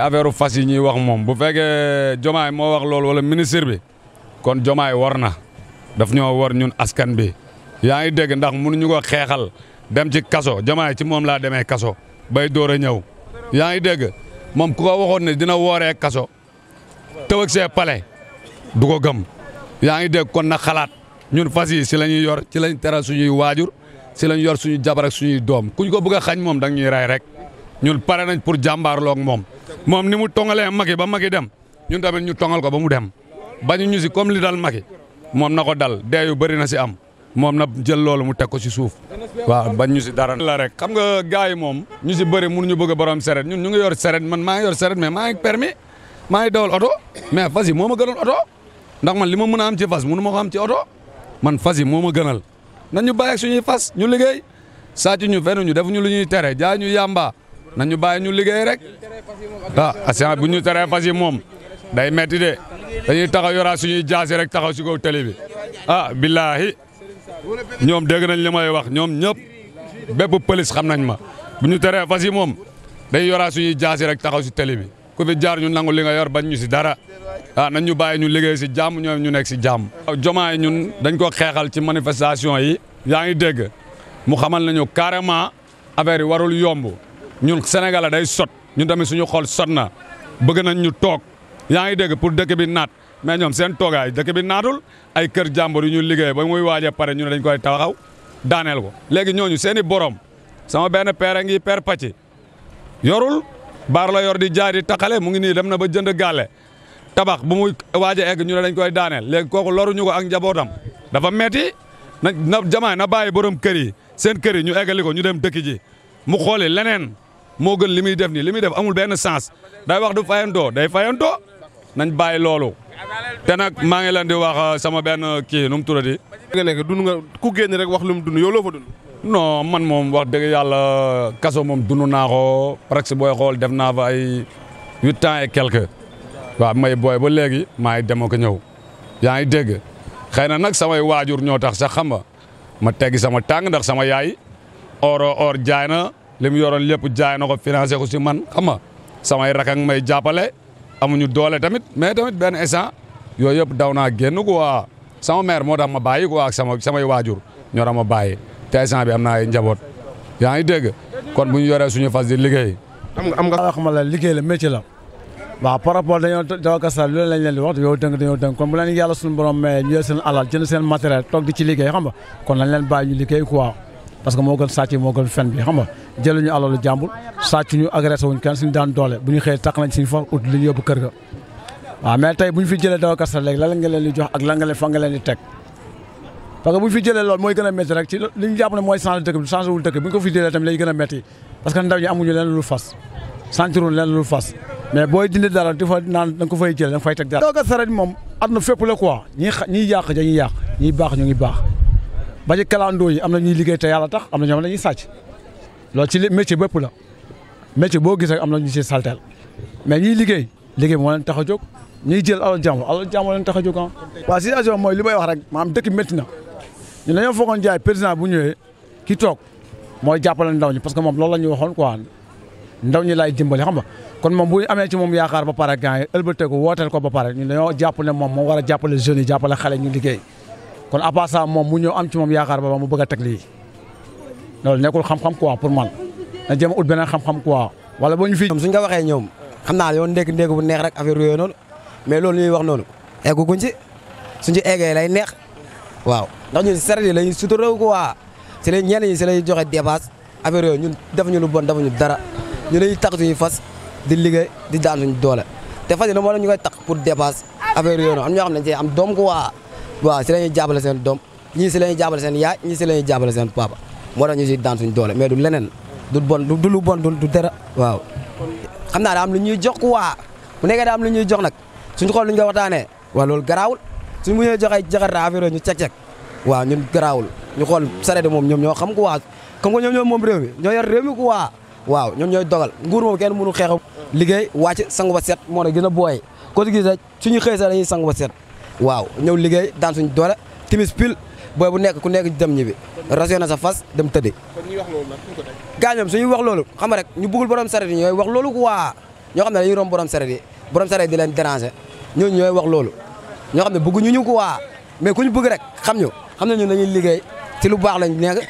affaire fas yi ñuy wax moom bu fekkee Jomaay moo wax loolu wala ministre bi kon Jomaay war na daf ñoo war ñun askan bi yaa ngi dégg ndax mënuñu ko xeexal dem ci kaso Jomaay ci moom laa demee kaso bay door a ñëw yaa ngi dégg moom ku ko waxoon ne dina wooree kaso tëwëg se pale du ko gëm yaa ngi dégg kon na xalaat ñun fas yi si la ñuy yor ci lañ teral suñuy waajur si lañ yor suñuy jabar suñuy doom kuñ ko bëgg a xañ moom dang ñuy rey rek ñun pare nañ pour jàmbaarloo ak moom mom ni mu tongalee Macky ba Macky dem ñun tamit ñu tongal ko ba mu dem bañu ñu ci comme li dal Macky mom nako ko dal dé yu bari na si am mom na jël loolu mu tek ko ci suuf wa bañ ñu si dara. la rek xam nga gaay mom ñu ci bari ñu bëgg borom seret ñun ñu ngi yor seret man ma yor seret mais ma ngi permis ma ngi dool auto mais fasi moma gënal auto ndax man lima mëna am ci fas mënu ma ko am ci auto man fasi moma gënal nañu ñu ak fas ñu liggéey sàcc ñu fenn ñu def ñu luñuy téré tere yamba ñu bàyyi ñu liggéey rek ah assurance bu ñu teree fas moom day metti de dañuy taxaw yoraa suñuy jaasi rek taxaw si kaw télé bi ah billaahi ñoom dégg nañ li may wax ñoom ñëpp bépp pëlis xam nañ ma bu ñu teree fas yi moom day yoraa suñuy jaasi rek taxaw si télé bi ku fi jaar ñu nangu li nga yor bañ ñu si dara ah nañ ñu bàyyi ñu liggéey si jàmm ñooy ñu nekk si jàmm. jomaay ñun dañ ko xeexal ci manifestation yi yaa ngi dégg mu xamal nañu carrément affaire yi warul yombu ñun Sénégal day sot ñun tamit suñu xol sot na bëgg nañ ñu toog yaa ngi dégg pour dëkk bi naat mais ñoom seen toogaay dëkk bi naatul ay kër jàmbur yu ñu liggéey ba muy waaje pare ñu ne dañ koy taxaw daaneel ko léegi ñooñu seen i borom sama benn père ngi père pàcc yorul baar la yor di jaay di taxale mu ngi nii dem na ba jënd gaale tabax bu muy waaj a egg ñu ne dañ koy daaneel léegi kooku loruñu ko ak njabootam dafa metti na na jamaay na bàyyi borom kër yi seen kër yi ñu eggali ko ñu dem dëkk ji mu xooli leneen. moo gën li muy def nii li muy def amul benn sens day wax du fayantoo day fayan doo nañ bàyyi loolu te nag maa ngi leen di wax euh, sama benn kii nu mu tuddati. nga nga ku génn rek wax lu mu dund yow loo fa dund. non man moom wax dëgg yàlla kaso moom dund naa ko presque booy xool def naa fa ay huit ans et quelque waaw may booy ba léegi maa ngi dem ak ñëw yaa ngi dégg xëy na nag samay waajur ñoo tax sax xam nga ma teggi sama tàng ndax sama yaay or or jaay li mu yoroon lépp jaay na ko financé ko si man xam nga samay rakak may jàppale amuñu doole tamit mais tamit benn instant yooyu yëpp daw naa génn sama mère moo ma bàyyi quoi ak sama samay waajur ñoo ma bàyyi te instant bi naa ay njaboot yaa ngi dégg kon bu ñu yoree suñu fas di liggéey. am nga am ma la liggéey la métier la waaw par rapport dañoo dafa kasal loolu lañ leen di wax yow tënk kon bu leen yàlla suñu borom mayee ñu yor seen alal jënd seen matériel toog di ci liggéey kon lañ leen bàyyi ñu liggéey parce que moo gën sàcc moo gën fen bi xam nga jëluñu alalu jàmbur sàcc ñu agressé wuñ kenn suñu daan doole bu ñu xëyee tax nañ suñu ut li ñu kër ga. waaw mais tey bu ñu fi jëlee dawa leen di jox ak lan nga leen fa nga leen mooy gën a métti rek jàpp ne mooy changé dëkk bi changé wul dëkk bi bu ñu ko fi a parce que ndaw ñi amuñu leen lu fas sentirul leen lu fas mais booy dindi dara di fa naan da nga ko fay jëlee da nga ñi yàq ñi baax ñu ngi baax ba ci kalandoo am na ñuy liggéey te yàlla tax am na ñoom dañuy sàcc loolu ci métier bépp la métier boo gis am na ñu ci saltel mais ñiy liggéey liggéey moo leen tax a jóg ñiy jël alal jàmbur alal jàmbur leen tax a jóg ah. waaw situation mooy li may wax rek maanaam dëkk métti na ñun dañoo foogoon jaay président bu ñëwee ki toog mooy jàppale ndaw ñi parce que moom loolu la ñu waxoon quoi ndaw ñi laay dimbali xam nga kon moom bu ñu amee ci moom yaakaar ba pare gars yi ëlbatee ko wooteel ko ba pare ne moo war a jàppale jeunes yi jàppale xale ñu liggéey kon à part moom mu ñëw am ci yaakaar ba mu bëgg a teg lii loolu nekkul xam-xam quoi pour man na jéem a ut beneen xam-xam quoi wala boo ñu fi. suñ ko waxee ñoom xam naa yoon ndékk ndékk bu neex rek affaire yooyu noonu mais loolu ñuy wax noonu egguñ ci suñ ci eggee lay neex waaw ndax ñun seret yi lañuy suturoo quoi si la ñenn ñi si lay lu bon defuñu dara ñu dañuy tax suñuy fas di liggéey di daan suñu doole te fas yi nag moo ñu koy tax pour dépasse affaire yooyu noonu am ñoo xam ne dañ cee waaw si la ñuy jàppale seen doom ñii si la ñuy jàppale seen yaay ñii si la ñuy jàppale seen papa moo tax ñu si daan suñ doole mais du leneen du bon du lu bon du dara waaw. xam naa daa am lu ñuy jox waa bu nekkee daa am lu ñuy jox nag suñu xool lu ñu ko waxtaanee waaw loolu garaawul suñu mënee joxe a affaire ñu cek cek waaw ñun garaawul ñu xool sareet moom ñoom ñoo xam ku waa xam nga ñoom ñoom moom réew mi ñoo yor réew ku waa waaw ñoom ñooy dogal nguur moom kenn mënu xeexam liggéey a booy ko gis waaw ñëw liggéey daan suñ doole timis pil booy bu nekk ku nekk dem ñibbi rationné sa fas dem tëddi gaa ñoom suñuy wax loolu xam rek ñu bëggul borom saret yi ñooy wax loolu waa ñoo xam ne rom romb borom saret yi borom saret di leen déranger ñooñu ñooy wax loolu ñoo xam ne bëgguñu ñu ko waa mais ku ñu bëgg rek xam ñu xam ne ñun dañuy liggéey ci lu baax lañ nekk